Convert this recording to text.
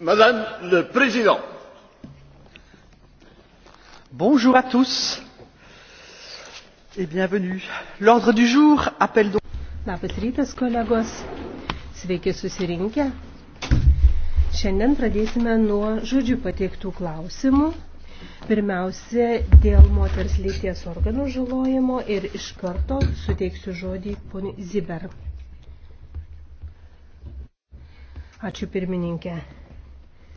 Madame le Président. Bonjour à tous et bienvenue. L'ordre du jour appelle donc. Labas rytas, kolegos. Sveiki susirinkę. Šiandien pradėsime nuo žodžių pateiktų klausimų. Pirmiausia, dėl moters lyties organų žalojimo ir iš karto suteiksiu žodį poniai Ziber. Ačiū pirmininkė.